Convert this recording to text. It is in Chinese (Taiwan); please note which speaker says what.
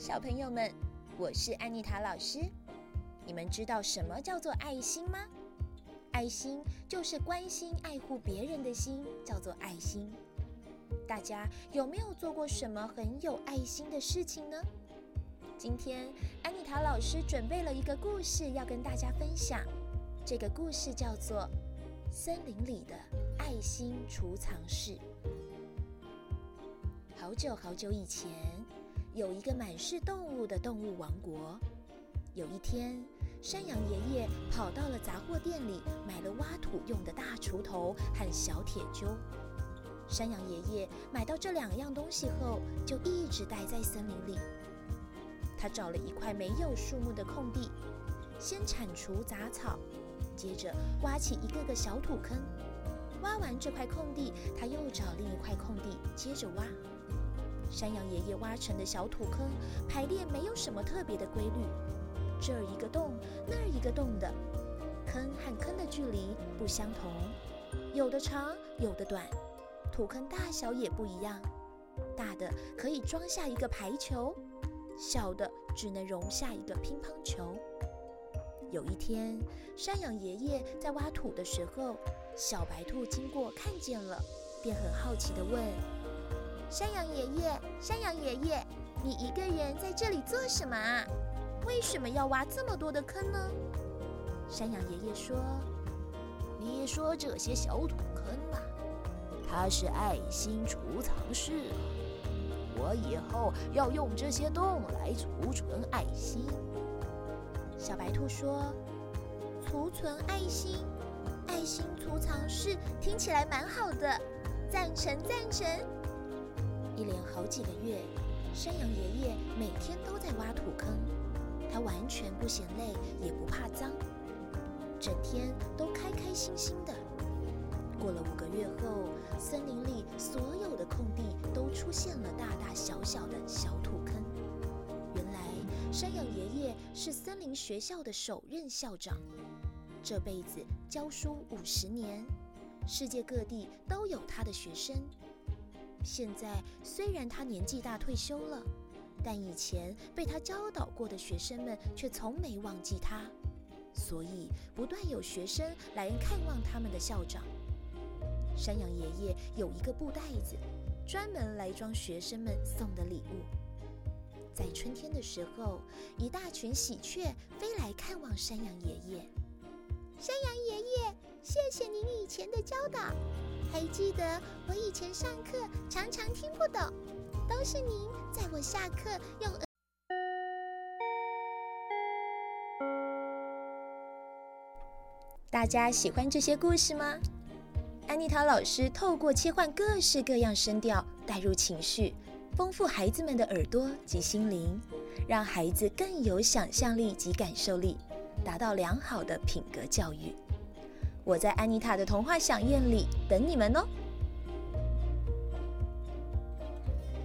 Speaker 1: 小朋友們，我是安妮塔老師。你們知道什麼叫做愛心嗎？愛心就是關心愛護別人的心，叫做愛心。大家有沒有做過什麼很有愛心的事情呢？今天安妮塔老師準備了一個故事要跟大家分享。這個故事叫做《森林裡的愛心儲藏室》。好久好久以前。有一個滿是動物的動物王國。有一天，山羊爺爺跑到了雜貨店裡，買了挖土用的大鋤頭和小鐵鍬。山羊爺爺買到這兩樣東西後，就一直待在森林裡。他找了一塊沒有樹木的空地，先鏟除雜草，接着挖起一個個小土坑。挖完這塊空地，他又找另一塊空地，接着挖。山羊爺爺挖成的小土坑排列沒有什麼特別的規律，這兒一個洞，那兒一個洞的，坑和坑的距離不相同，有的長，有的短，土坑大小也不一樣，大的可以裝下一個排球，小的只能容下一個乒乓球。有一天，山羊爺爺在挖土的時候，小白兔經過看見了，便很好奇地問。山羊爺爺，山羊爺爺，你一個人在這裡做什麼啊？為什麼要挖這麼多的坑呢？山羊爺爺說：“你說這些小土坑吧，它是愛心儲藏室啊。我以後要用這些洞來儲存愛心。”小白兔說：“儲存愛心，愛心儲藏室聽起來蠻好的，贊成贊成。”一連好幾個月，山羊爺爺每天都在挖土坑，他完全不嫌累，也不怕髒，整天都開開心心的。過了五個月後，森林裡所有的空地都出現了大大小小的小土坑。原來，山羊爺爺是森林學校的首任校長，這輩子教書五十年，世界各地都有他的學生。現在雖然他年紀大退休了，但以前被他教導過的學生們卻從沒忘記他，所以不斷有學生來看望他們的校長。山羊爺爺有一個布袋子，專門來裝學生們送的禮物。在春天的時候，一大群喜鵲飛來看望山羊爺爺。山羊爺爺，謝謝您以前的教導。還記得我以前上課常常聽不懂，都是您在我下課用、呃。大家喜歡這些故事嗎？安妮塔老師透過切換各式各樣聲調，帶入情緒，豐富孩子們的耳朵及心靈，讓孩子更有想象力及感受力，達到良好的品格教育。我在安妮塔的童話饗宴裡等你們哦。